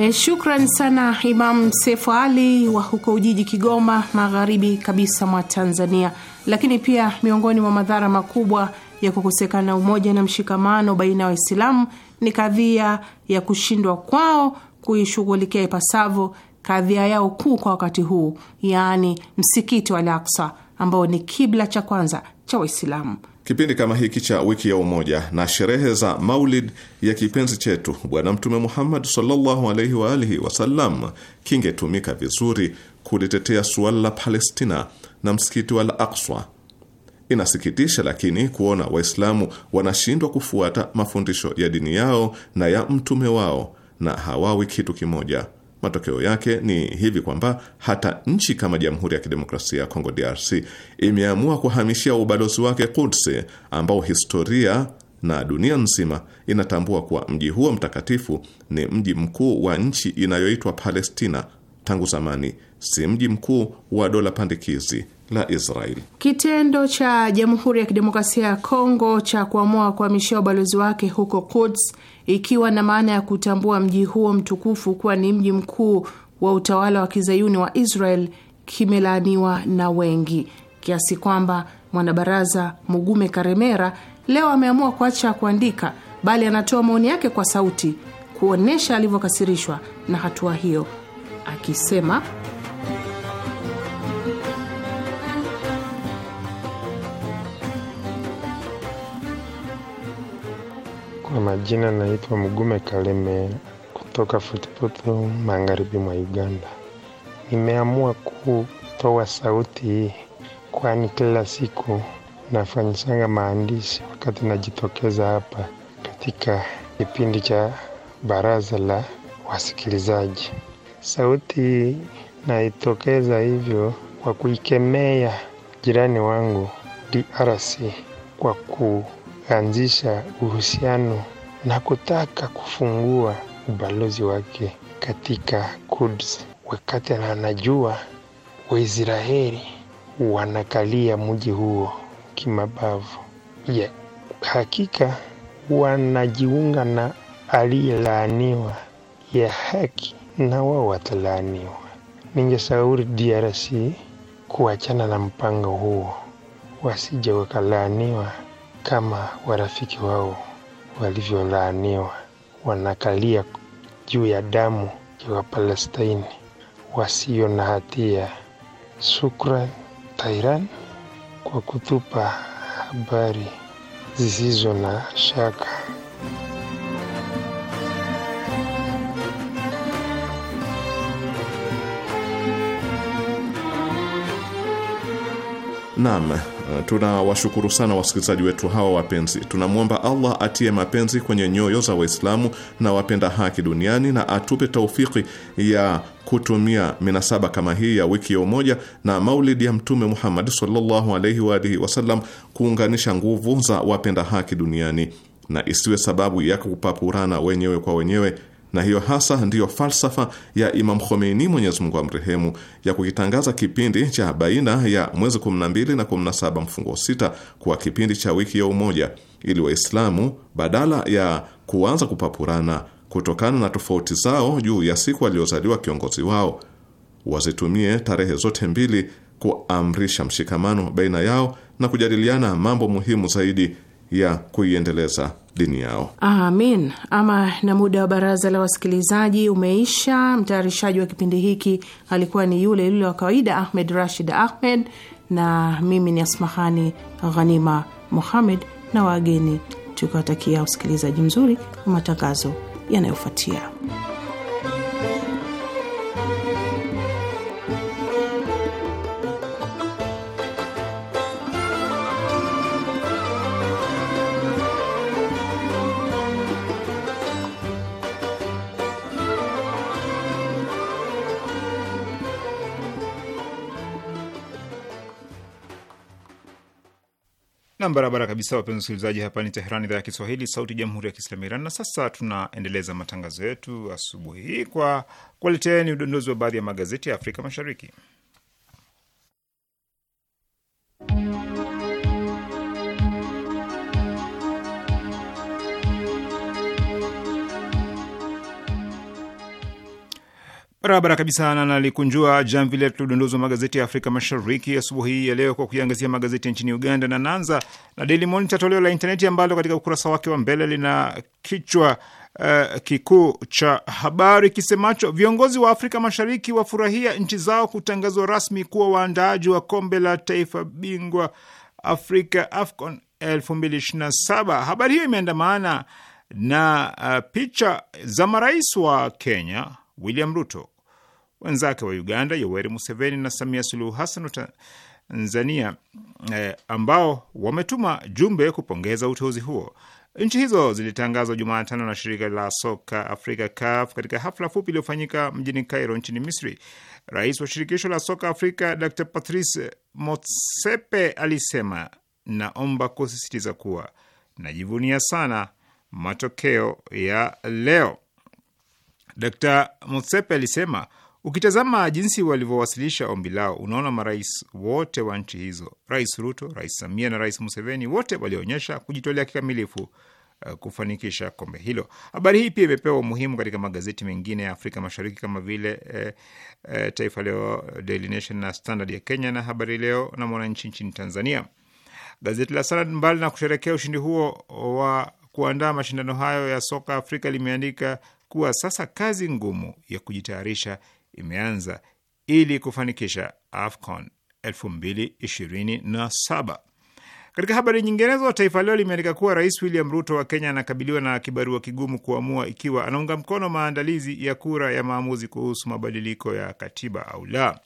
E, shukran sana Imam Sefu Ali wa huko Ujiji, Kigoma, magharibi kabisa mwa Tanzania. Lakini pia miongoni mwa madhara makubwa ya kukosekana umoja na mshikamano baina ya wa Waislamu ni kadhia ya kushindwa kwao kuishughulikia ipasavyo kadhia yao kuu kwa wakati huu, yaani msikiti wa Al-Aqsa ambao ni kibla cha kwanza cha Waislamu. Kipindi kama hiki cha wiki ya umoja na sherehe za maulid ya kipenzi chetu Bwana Mtume Muhammad sallallahu alaihi wa alihi wasallam kingetumika vizuri kulitetea suala la Palestina na msikiti wa Al-Aqsa. Inasikitisha lakini kuona Waislamu wanashindwa kufuata mafundisho ya dini yao na ya mtume wao na hawawi kitu kimoja. Matokeo yake ni hivi kwamba hata nchi kama Jamhuri ya Kidemokrasia ya Kongo DRC imeamua kuhamishia ubalozi wake Quds, ambao historia na dunia nzima inatambua kuwa mji huo mtakatifu ni mji mkuu wa nchi inayoitwa Palestina tangu zamani, si mji mkuu wa dola pandikizi la Israel. Kitendo cha Jamhuri ya Kidemokrasia ya Kongo cha kuamua kuhamishia ubalozi wake huko Quds ikiwa na maana ya kutambua mji huo mtukufu kuwa ni mji mkuu wa utawala wa kizayuni wa Israel kimelaaniwa na wengi kiasi kwamba mwanabaraza Mugume Karemera leo ameamua kuacha kuandika, bali anatoa maoni yake kwa sauti kuonyesha alivyokasirishwa na hatua hiyo, akisema Kwa majina naitwa mgume Kaleme kutoka Futufutu, magharibi mwa Uganda. Nimeamua kutoa sauti hii kwani kila siku nafanyishanga maandishi wakati najitokeza hapa katika kipindi cha baraza la wasikilizaji. Sauti hii naitokeza hivyo kwa kuikemea jirani wangu DRC kwa kuu kuanzisha uhusiano na kutaka kufungua ubalozi wake katika Kuds, wakati na anajua Waisraeli wanakalia mji huo kimabavu. Yeah, hakika wanajiunga na aliyelaaniwa ya haki na wao watalaaniwa. Ningeshauri DRC kuachana na mpango huo, wasije wakalaaniwa kama warafiki wao walivyolaaniwa, wanakalia juu ya damu ya wapalestaini wasio na hatia. Shukran tairan kwa kutupa habari zisizo na shaka. nam Eh, tunawashukuru sana wasikilizaji wetu hawa wapenzi. Tunamwomba Allah atie mapenzi kwenye nyoyo za Waislamu na wapenda haki duniani na atupe taufiki ya kutumia minasaba kama hii ya wiki ya umoja na maulidi ya Mtume Muhammad sallallahu alaihi wa alihi wasallam kuunganisha nguvu za wapenda haki duniani na isiwe sababu ya kupapurana wenyewe kwa wenyewe na hiyo hasa ndiyo falsafa ya Imam Khomeini, Mwenyezi Mungu amrehemu, ya kukitangaza kipindi cha baina ya mwezi 12 na 17 mfungo sita kuwa kipindi cha wiki ya umoja, ili Waislamu badala ya kuanza kupapurana kutokana na tofauti zao juu ya siku aliyozaliwa kiongozi wao, wazitumie tarehe zote mbili kuamrisha mshikamano baina yao na kujadiliana mambo muhimu zaidi ya kuiendeleza dini yao. Amin. Ama na muda wa baraza la wasikilizaji umeisha. Mtayarishaji wa kipindi hiki alikuwa ni yule yule wa kawaida Ahmed Rashid Ahmed, na mimi ni Asmahani Ghanima Muhamed na wageni tukiwatakia usikilizaji mzuri wa matangazo yanayofuatia. Nam barabara kabisa, wapenzi wasikilizaji, hapa ni Teheran, idhaa ya Kiswahili, sauti ya jamhuri ya kiislamu Iran. Na sasa tunaendeleza matangazo yetu asubuhi hii kwa kuwaleteeni udondozi wa baadhi ya magazeti ya Afrika Mashariki. Barabara kabisa na nalikunjua jamvi letu udondozi wa magazeti ya Afrika Mashariki asubuhi hii ya leo kwa kuiangazia magazeti ya nchini Uganda, na naanza na Daily Monitor toleo la intaneti ambalo katika ukurasa wake wa mbele lina kichwa uh, kikuu cha habari kisemacho viongozi wa Afrika Mashariki wafurahia nchi zao kutangazwa rasmi kuwa waandaaji wa kombe la taifa bingwa Afrika AFCON 2027. Habari hiyo imeandamana na uh, picha za marais wa Kenya William Ruto. Wenzake wa Uganda, Yoweri Museveni na Samia Suluhu Hassan wa Tanzania, eh, ambao wametuma jumbe kupongeza uteuzi huo. Nchi hizo zilitangazwa Jumatano na shirika la soka Afrika CAF katika hafla fupi iliyofanyika mjini Cairo nchini Misri. Rais wa shirikisho la soka Afrika Dr Patrice Motsepe alisema, naomba kusisitiza kuwa najivunia sana matokeo ya leo. Dkt Motsepe alisema ukitazama jinsi walivyowasilisha ombi lao, unaona marais wote wa nchi hizo, Rais Ruto, Rais Samia na Rais Museveni, wote walionyesha kujitolea kikamilifu eh, kufanikisha kombe hilo. Habari hii pia imepewa umuhimu katika magazeti mengine ya Afrika Mashariki kama vile eh, eh, Taifa Leo, Daily Nation na Standard ya Kenya na Habari Leo na Mwananchi nchini Tanzania. Gazeti la Standard, mbali na kusherekea ushindi huo wa kuandaa mashindano hayo ya soka Afrika, limeandika kuwa sasa kazi ngumu ya kujitayarisha imeanza ili kufanikisha AFCON 2027. Katika habari nyinginezo, Taifa Leo limeandika kuwa Rais William Ruto wa Kenya anakabiliwa na kibarua kigumu kuamua ikiwa anaunga mkono maandalizi ya kura ya maamuzi kuhusu mabadiliko ya katiba au la.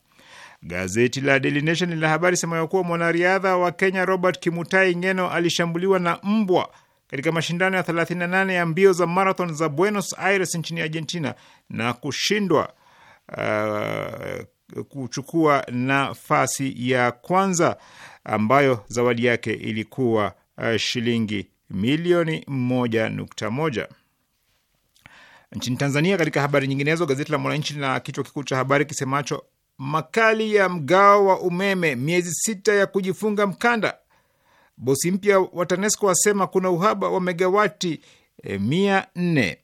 Gazeti la Daily Nation lina habari semayo kuwa mwanariadha wa Kenya Robert Kimutai Ngeno alishambuliwa na mbwa katika mashindano ya 38 ya mbio za marathon za Buenos Aires nchini Argentina na kushindwa uh, kuchukua nafasi ya kwanza ambayo zawadi yake ilikuwa uh, shilingi milioni moja nukta moja. Nchini Tanzania, katika habari nyinginezo, gazeti la Mwananchi lina kichwa kikuu cha habari kisemacho makali ya mgao wa umeme, miezi sita ya kujifunga mkanda. Bosi mpya wa TANESCO asema kuna uhaba wa megawati e, mia nne.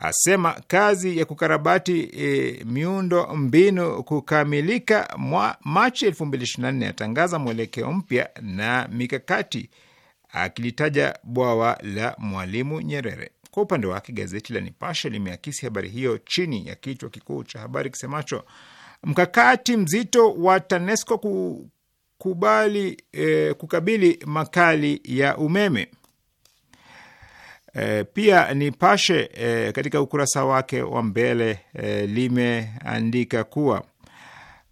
Asema kazi ya kukarabati e, miundo mbinu kukamilika mwa Machi 2024. Atangaza mwelekeo mpya na mikakati akilitaja bwawa la Mwalimu Nyerere. Kwa upande wake gazeti la Nipashe limeakisi habari hiyo chini ya kichwa kikuu cha habari kisemacho mkakati mzito wa TANESCO kubali, eh, kukabili makali ya umeme. E, pia Nipashe e, eh, katika ukurasa wake wa mbele e, limeandika kuwa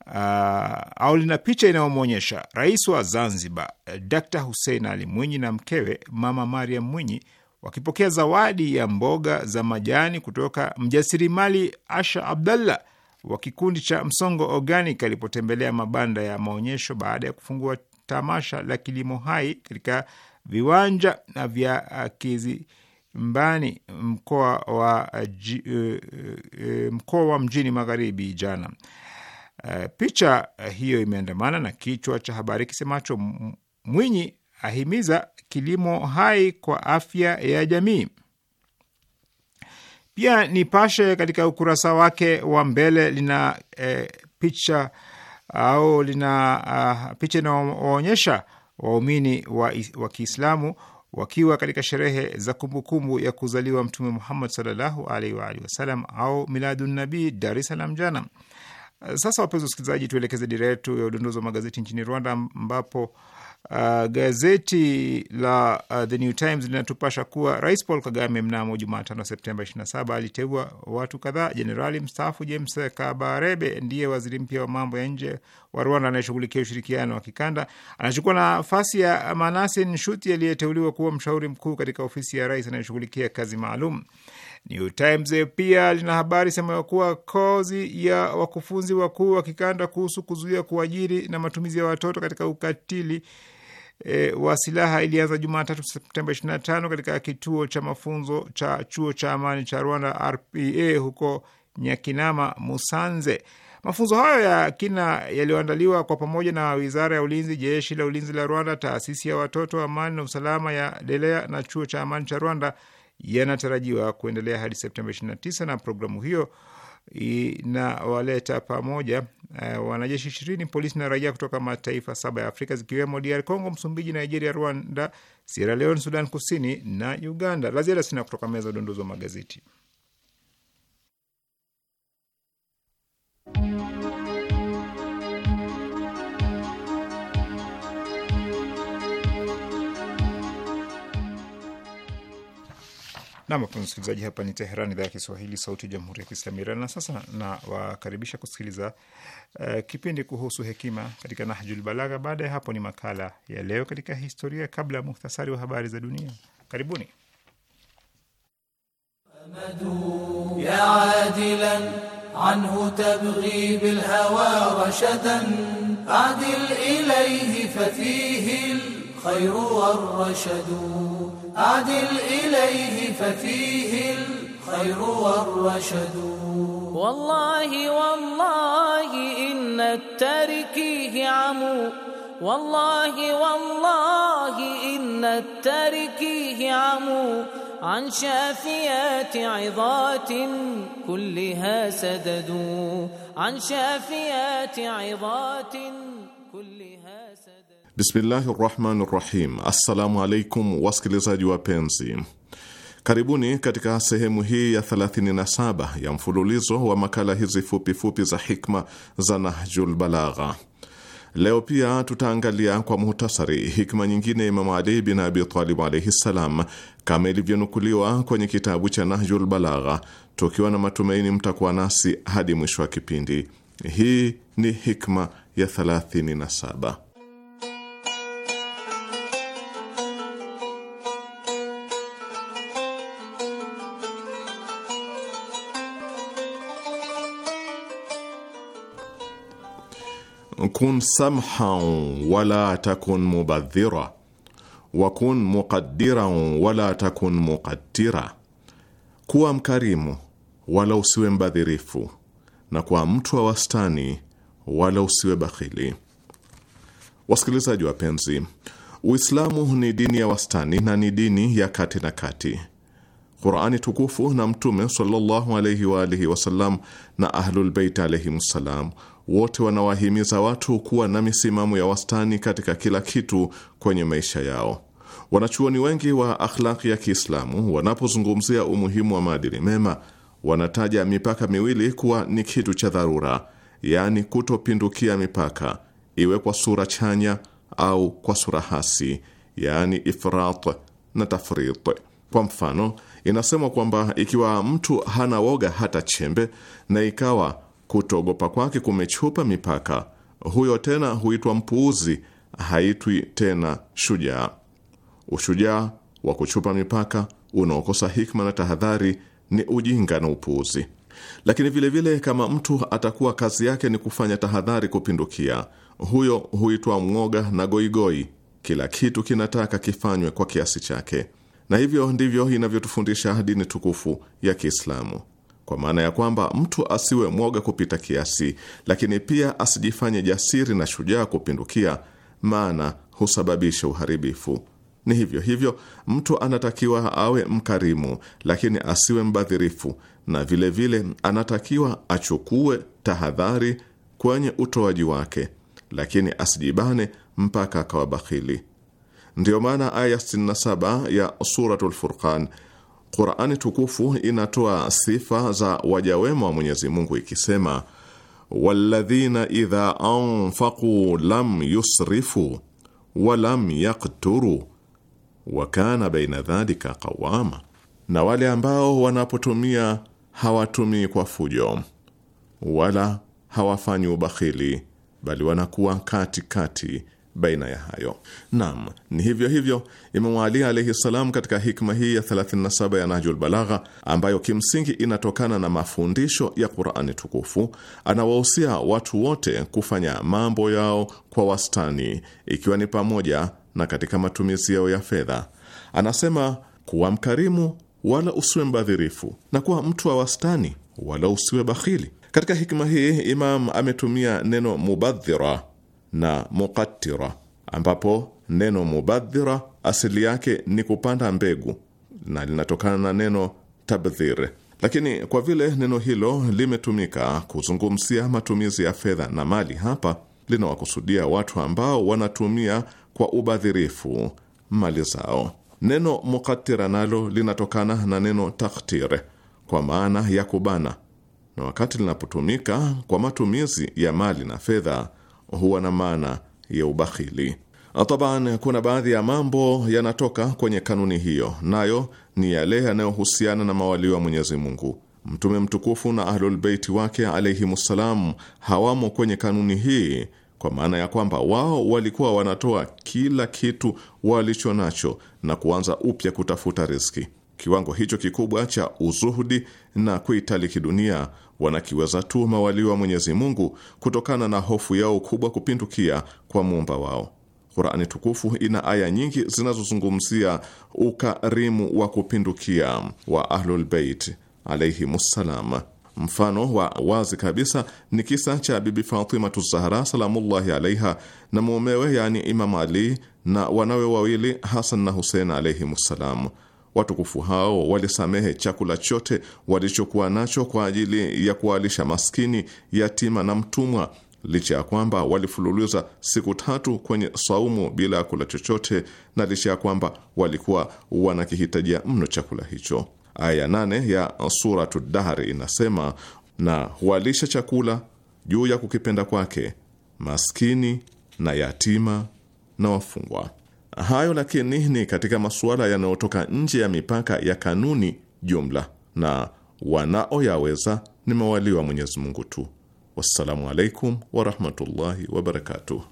uh, au lina picha inayomwonyesha rais wa Zanzibar Dr. Hussein Ali Mwinyi na mkewe Mama Mariam Mwinyi wakipokea zawadi ya mboga za majani kutoka mjasirimali Asha Abdallah wa kikundi cha Msongo Organic alipotembelea mabanda ya maonyesho baada ya kufungua tamasha la kilimo hai katika viwanja vya uh, Kizimbani, mkoa wa uh, uh, mkoa wa Mjini Magharibi jana. Picha hiyo imeandamana na kichwa cha habari kisemacho Mwinyi ahimiza kilimo hai kwa afya ya jamii. Pia Nipashe katika ukurasa wake wa mbele lina e, picha au lina uh, picha inayoonyesha waumini wa, wa Kiislamu wakiwa katika sherehe za kumbukumbu ya kuzaliwa Mtume Muhammad sallallahu alaihi wa alihi wasallam au miladu nabii Dar es Salaam jana. Sasa wapenzi wasikilizaji, tuelekeze dira yetu ya udondozi wa magazeti nchini Rwanda, ambapo Uh, gazeti la uh, The New Times linatupasha kuwa Rais Paul Kagame mnamo Jumatano Septemba 27 aliteua watu kadhaa. Jenerali mstaafu James Kabarebe ndiye waziri mpya wa mambo ya nje wa Rwanda anayeshughulikia ushirikiano wa kikanda. Anachukua nafasi ya Manasin Shuti aliyeteuliwa kuwa mshauri mkuu katika ofisi ya rais anayeshughulikia kazi maalum. New Times pia lina habari semayo kuwa kozi ya wakufunzi wakuu wa kikanda kuhusu kuzuia kuajiri na matumizi ya watoto katika ukatili e, wa silaha ilianza Jumatatu Septemba 25 katika kituo cha mafunzo cha chuo cha amani cha Rwanda RPA huko Nyakinama, Musanze. Mafunzo hayo ya kina yaliyoandaliwa kwa pamoja na wizara ya ulinzi, jeshi la ulinzi la Rwanda, taasisi ya watoto amani na usalama ya Delea na chuo cha amani cha Rwanda yanatarajiwa kuendelea hadi Septemba 29 na programu hiyo inawaleta pamoja uh, wanajeshi ishirini, polisi na raia kutoka mataifa saba ya Afrika zikiwemo DR Congo, Msumbiji, Nigeria, Rwanda, Sierra Leone, Sudan Kusini na Uganda. La ziada sina kutoka meza udondozi wa magazeti. Nam, wapenzi msikilizaji, hapa ni Teheran, idhaa ya Kiswahili, sauti ya jamhuri ya kiislamu Iran. Na sasa nawakaribisha kusikiliza uh, kipindi kuhusu hekima katika Nahjul Balagha. Baada ya hapo ni makala ya leo katika historia, kabla ya muhtasari wa habari za dunia. Karibuni ya أعدل إليه ففيه الخير والرشد والله والله إن التركيه عمو والله والله إن التركيه عمو عن شافيات عظات كلها سددوا عن شافيات عظات Bismillahi rahmani rahim. Assalamu alaikum wasikilizaji wapenzi, karibuni katika sehemu hii ya 37 ya mfululizo wa makala hizi fupifupi fupi za hikma za Nahjul Balagha. Leo pia tutaangalia kwa muhtasari hikma nyingine ya Imamu Ali bin Abi Talib alaihi ssalam, kama ilivyonukuliwa kwenye kitabu cha Nahjul Balagha, tukiwa na matumaini mtakuwa nasi hadi mwisho wa kipindi. Hii ni hikma ya 37. Kun samhan wala takun mubadhira wa kun muqaddiran wala takun muqaddira, kuwa mkarimu wala usiwe mbadhirifu na kwa mtu wa wastani, wala usiwe bakhili. Wasikilizaji wapenzi, Uislamu ni dini ya wastani na ni dini ya kati na kati. Qurani tukufu na Mtume sallallahu alaihi wa alihi wasallam na Ahlulbeit alaihim ssalam wote wanawahimiza watu kuwa na misimamo ya wastani katika kila kitu kwenye maisha yao. Wanachuoni wengi wa akhlaki ya Kiislamu wanapozungumzia umuhimu wa maadili mema wanataja mipaka miwili kuwa ni kitu cha dharura, yaani kutopindukia mipaka, iwe kwa sura chanya au kwa sura hasi, yaani ifrat na tafrit. Kwa mfano, inasemwa kwamba ikiwa mtu hana woga hata chembe, na ikawa kutogopa kwake kumechupa mipaka, huyo tena huitwa mpuuzi, haitwi tena shujaa. Ushujaa wa kuchupa mipaka unaokosa hikma na tahadhari ni ujinga na upuuzi. Lakini vilevile vile, kama mtu atakuwa kazi yake ni kufanya tahadhari kupindukia, huyo huitwa mwoga na goigoi Kila kitu kinataka kifanywe kwa kiasi chake, na hivyo ndivyo inavyotufundisha dini tukufu ya Kiislamu, kwa maana ya kwamba mtu asiwe mwoga kupita kiasi, lakini pia asijifanye jasiri na shujaa kupindukia, maana husababisha uharibifu. Ni hivyo hivyo, mtu anatakiwa awe mkarimu, lakini asiwe mbadhirifu, na vilevile vile, anatakiwa achukue tahadhari kwenye utoaji wake, lakini asijibane mpaka akawa bakhili. Ndiyo maana aya 67 ya Suratul Furqan, Qurani tukufu inatoa sifa za wajawema wa Mwenyezi Mungu ikisema, walladhina idha anfaqu lam yusrifu walam lam wakana baina dhalika qawama, na wale ambao wanapotumia hawatumii kwa fujo wala hawafanyi ubakhili, bali wanakuwa katikati kati baina ya hayo. Naam, ni hivyo hivyo Imamu Ali alaihi salam katika hikma hii ya 37 ya Nahjul Balagha, ambayo kimsingi inatokana na mafundisho ya Qurani Tukufu, anawahusia watu wote kufanya mambo yao kwa wastani, ikiwa ni pamoja na katika matumizi yao ya fedha. Anasema kuwa mkarimu, wala usiwe mbadhirifu, na kuwa mtu wa wastani, wala usiwe bakhili. Katika hikma hii Imam ametumia neno mubadhira na mukatira ambapo neno mubadhira asili yake ni kupanda mbegu na linatokana na neno tabdhir, lakini kwa vile neno hilo limetumika kuzungumzia matumizi ya fedha na mali, hapa linawakusudia watu ambao wanatumia kwa ubadhirifu mali zao. Neno mukatira nalo linatokana na neno taktir kwa maana ya kubana, na wakati linapotumika kwa matumizi ya mali na fedha huwa na maana ya ubakhili. Taban, kuna baadhi ya mambo yanatoka kwenye kanuni hiyo, nayo ni yale yanayohusiana na mawalio wa Mwenyezi Mungu. Mtume mtukufu na Ahlulbeiti wake alayhimussalam hawamo kwenye kanuni hii kwa maana ya kwamba wao walikuwa wanatoa kila kitu walicho nacho na kuanza upya kutafuta riziki. Kiwango hicho kikubwa cha uzuhudi na kuitaliki dunia wanakiweza tu mawalio wa Mwenyezi Mungu kutokana na hofu yao kubwa kupindukia kwa muumba wao. Qurani tukufu ina aya nyingi zinazozungumzia ukarimu wa kupindukia wa Ahlulbeit alaihimussalam. Mfano wa wazi kabisa ni kisa cha Bibi Fatimatu Zahra salamullahi alaiha na mumewe, yani Imam Ali na wanawe wawili Hasan na Husein alaihimussalam. Watukufu hao walisamehe chakula chote walichokuwa nacho kwa ajili ya kuwalisha maskini, yatima na mtumwa, licha ya kwamba walifululiza siku tatu kwenye saumu bila ya kula chochote, na licha ya kwamba walikuwa wanakihitajia mno chakula hicho. Aya nane ya Suratu Dahri inasema, na huwalisha chakula juu ya kukipenda kwake maskini na yatima na wafungwa. Hayo lakini ni katika masuala yanayotoka nje ya mipaka ya kanuni jumla, na wanaoyaweza ni mawaliwa Mwenyezi Mungu tu. Wassalamu alaikum warahmatullahi wabarakatuh.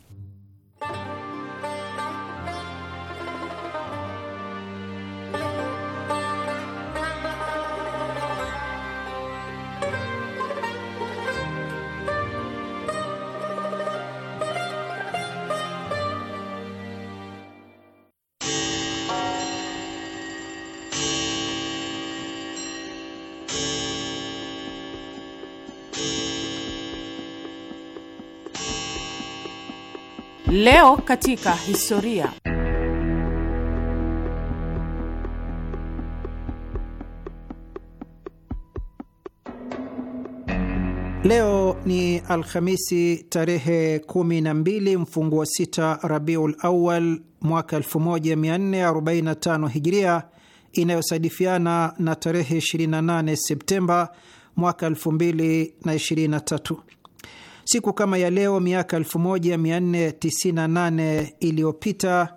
Leo katika historia. Leo ni Alhamisi tarehe 12 mfunguo 6 Rabiul Awal mwaka 1445 Hijiria, inayosadifiana na tarehe 28 Septemba mwaka 2023. Siku kama ya leo miaka 1498 iliyopita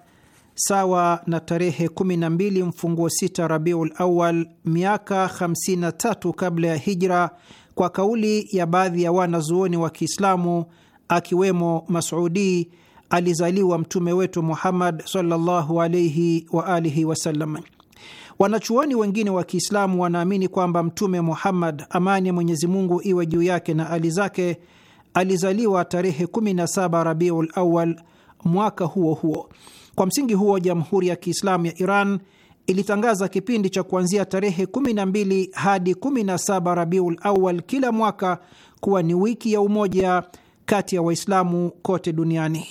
sawa na tarehe 12 mfunguo 6 Rabiul Awal miaka 53 kabla ya hijra, kwa kauli ya baadhi ya wanazuoni wa Kiislamu akiwemo Masudi, alizaliwa mtume wetu Muhammad sallallahu wa alihi wasallam. Wanachuoni wengine wa Kiislamu wanaamini kwamba Mtume Muhammad, amani ya Mwenyezi Mungu iwe juu yake na ali zake alizaliwa tarehe 17 Rabiul Awal mwaka huo huo. Kwa msingi huo, Jamhuri ya Kiislamu ya Iran ilitangaza kipindi cha kuanzia tarehe 12 hadi 17 Rabiul Awal kila mwaka kuwa ni wiki ya umoja kati ya Waislamu kote duniani.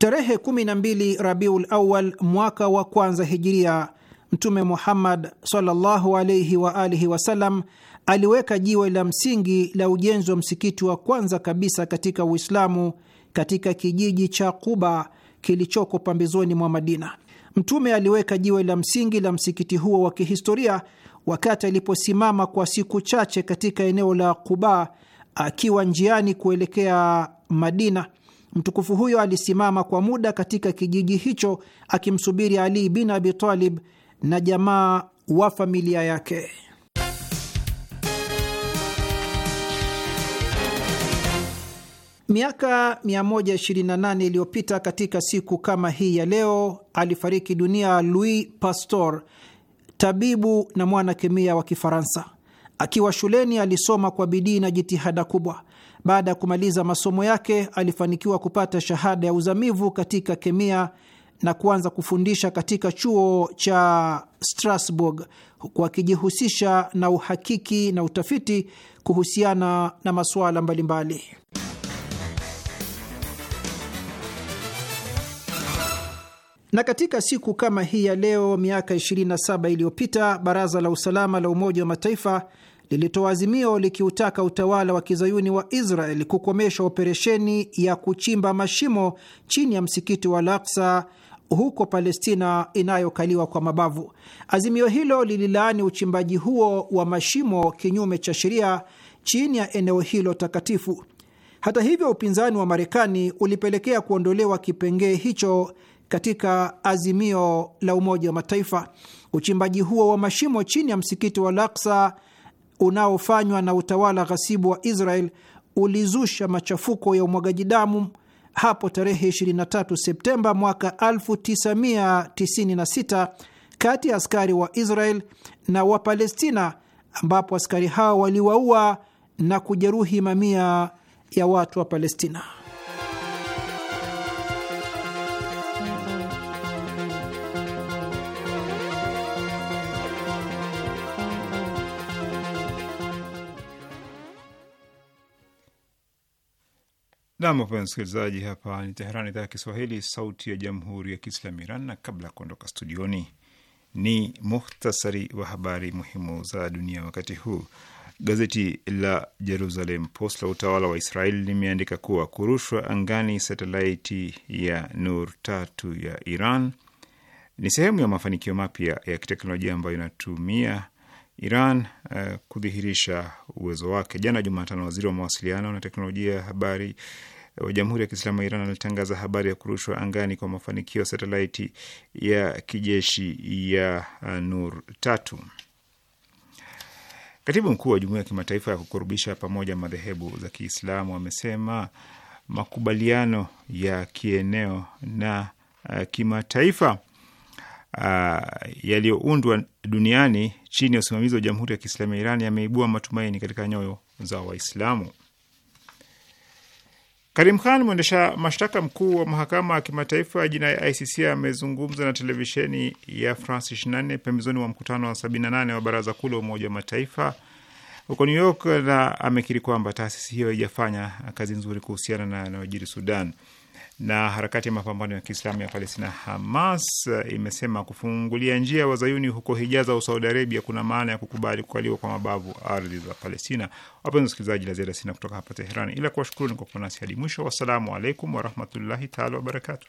Tarehe 12 Rabiul Awal mwaka wa kwanza hijiria, Mtume Muhammad sallallahu alaihi wa alihi wasallam aliweka jiwe la msingi la ujenzi wa msikiti wa kwanza kabisa katika Uislamu katika kijiji cha Quba kilichoko pambezoni mwa Madina. Mtume aliweka jiwe la msingi la msikiti huo wa kihistoria wakati aliposimama kwa siku chache katika eneo la Quba akiwa njiani kuelekea Madina Mtukufu huyo alisimama kwa muda katika kijiji hicho akimsubiri Ali bin Abi Talib na jamaa wa familia yake. Miaka 128 iliyopita katika siku kama hii ya leo alifariki dunia Louis Pasteur, tabibu na mwana kemia wa Kifaransa. Akiwa shuleni alisoma kwa bidii na jitihada kubwa. Baada ya kumaliza masomo yake, alifanikiwa kupata shahada ya uzamivu katika kemia na kuanza kufundisha katika chuo cha Strasbourg huku akijihusisha na uhakiki na utafiti kuhusiana na masuala mbalimbali. Na katika siku kama hii ya leo miaka 27 iliyopita, Baraza la Usalama la Umoja wa Mataifa lilitoa azimio likiutaka utawala wa kizayuni wa Israel kukomesha operesheni ya kuchimba mashimo chini ya msikiti wa Al-Aqsa huko Palestina inayokaliwa kwa mabavu. Azimio hilo lililaani uchimbaji huo wa mashimo kinyume cha sheria chini ya eneo hilo takatifu. Hata hivyo, upinzani wa Marekani ulipelekea kuondolewa kipengee hicho katika azimio la Umoja wa Mataifa. Uchimbaji huo wa mashimo chini ya msikiti wa Al-Aqsa unaofanywa na utawala ghasibu wa Israel ulizusha machafuko ya umwagaji damu hapo tarehe 23 Septemba mwaka 1996 kati ya askari wa Israel na Wapalestina, ambapo askari hao waliwaua na kujeruhi mamia ya watu wa Palestina. Nam, wapenzi msikilizaji, hapa ni Teheran, idhaa ya Kiswahili, sauti ya jamhuri ya kiislam Iran. Na kabla ya kuondoka studioni, ni muhtasari wa habari muhimu za dunia wakati huu. Gazeti la Jerusalem Post la utawala wa israel limeandika kuwa kurushwa angani satelaiti ya Nur tatu ya Iran ni sehemu ya mafanikio mapya ya kiteknolojia ambayo inatumia Iran uh, kudhihirisha uwezo wake. Jana Jumatano, waziri wa mawasiliano na teknolojia ya habari eh, wa Jamhuri ya Kiislamu ya Iran alitangaza habari ya kurushwa angani kwa mafanikio ya satelaiti ya kijeshi ya eh, Nur tatu. Katibu mkuu wa Jumuiya ya Kimataifa ya Kukurubisha Pamoja Madhehebu za Kiislamu amesema makubaliano ya kieneo na uh, kimataifa Ah, yaliyoundwa duniani chini ya usimamizi wa Jamhuri ya Kiislamu ya Iran yameibua matumaini katika nyoyo za Waislamu. Karim Khan, mwendesha mashtaka mkuu wa mahakama ya kimataifa ya jinai ICC, amezungumza na televisheni ya France 24 pembezoni mwa mkutano wa 78 wa Baraza Kuu la Umoja wa Mataifa huko New York, na amekiri kwamba taasisi hiyo haijafanya kazi nzuri kuhusiana na yanayojiri Sudan. Na harakati ya mapambano ya Kiislamu ya Palestina Hamas eh, imesema kufungulia njia wazayuni huko Hijaza au Saudi Arabia kuna maana ya kukubali kukaliwa kwa mabavu ardhi za Palestina. Wapenzi wasikilizaji, la ziada sina kutoka hapa Teheran ila kuwashukuruni kwa kuwa nasi hadi mwisho. Wassalamu alaikum warahmatullahi taala wabarakatu.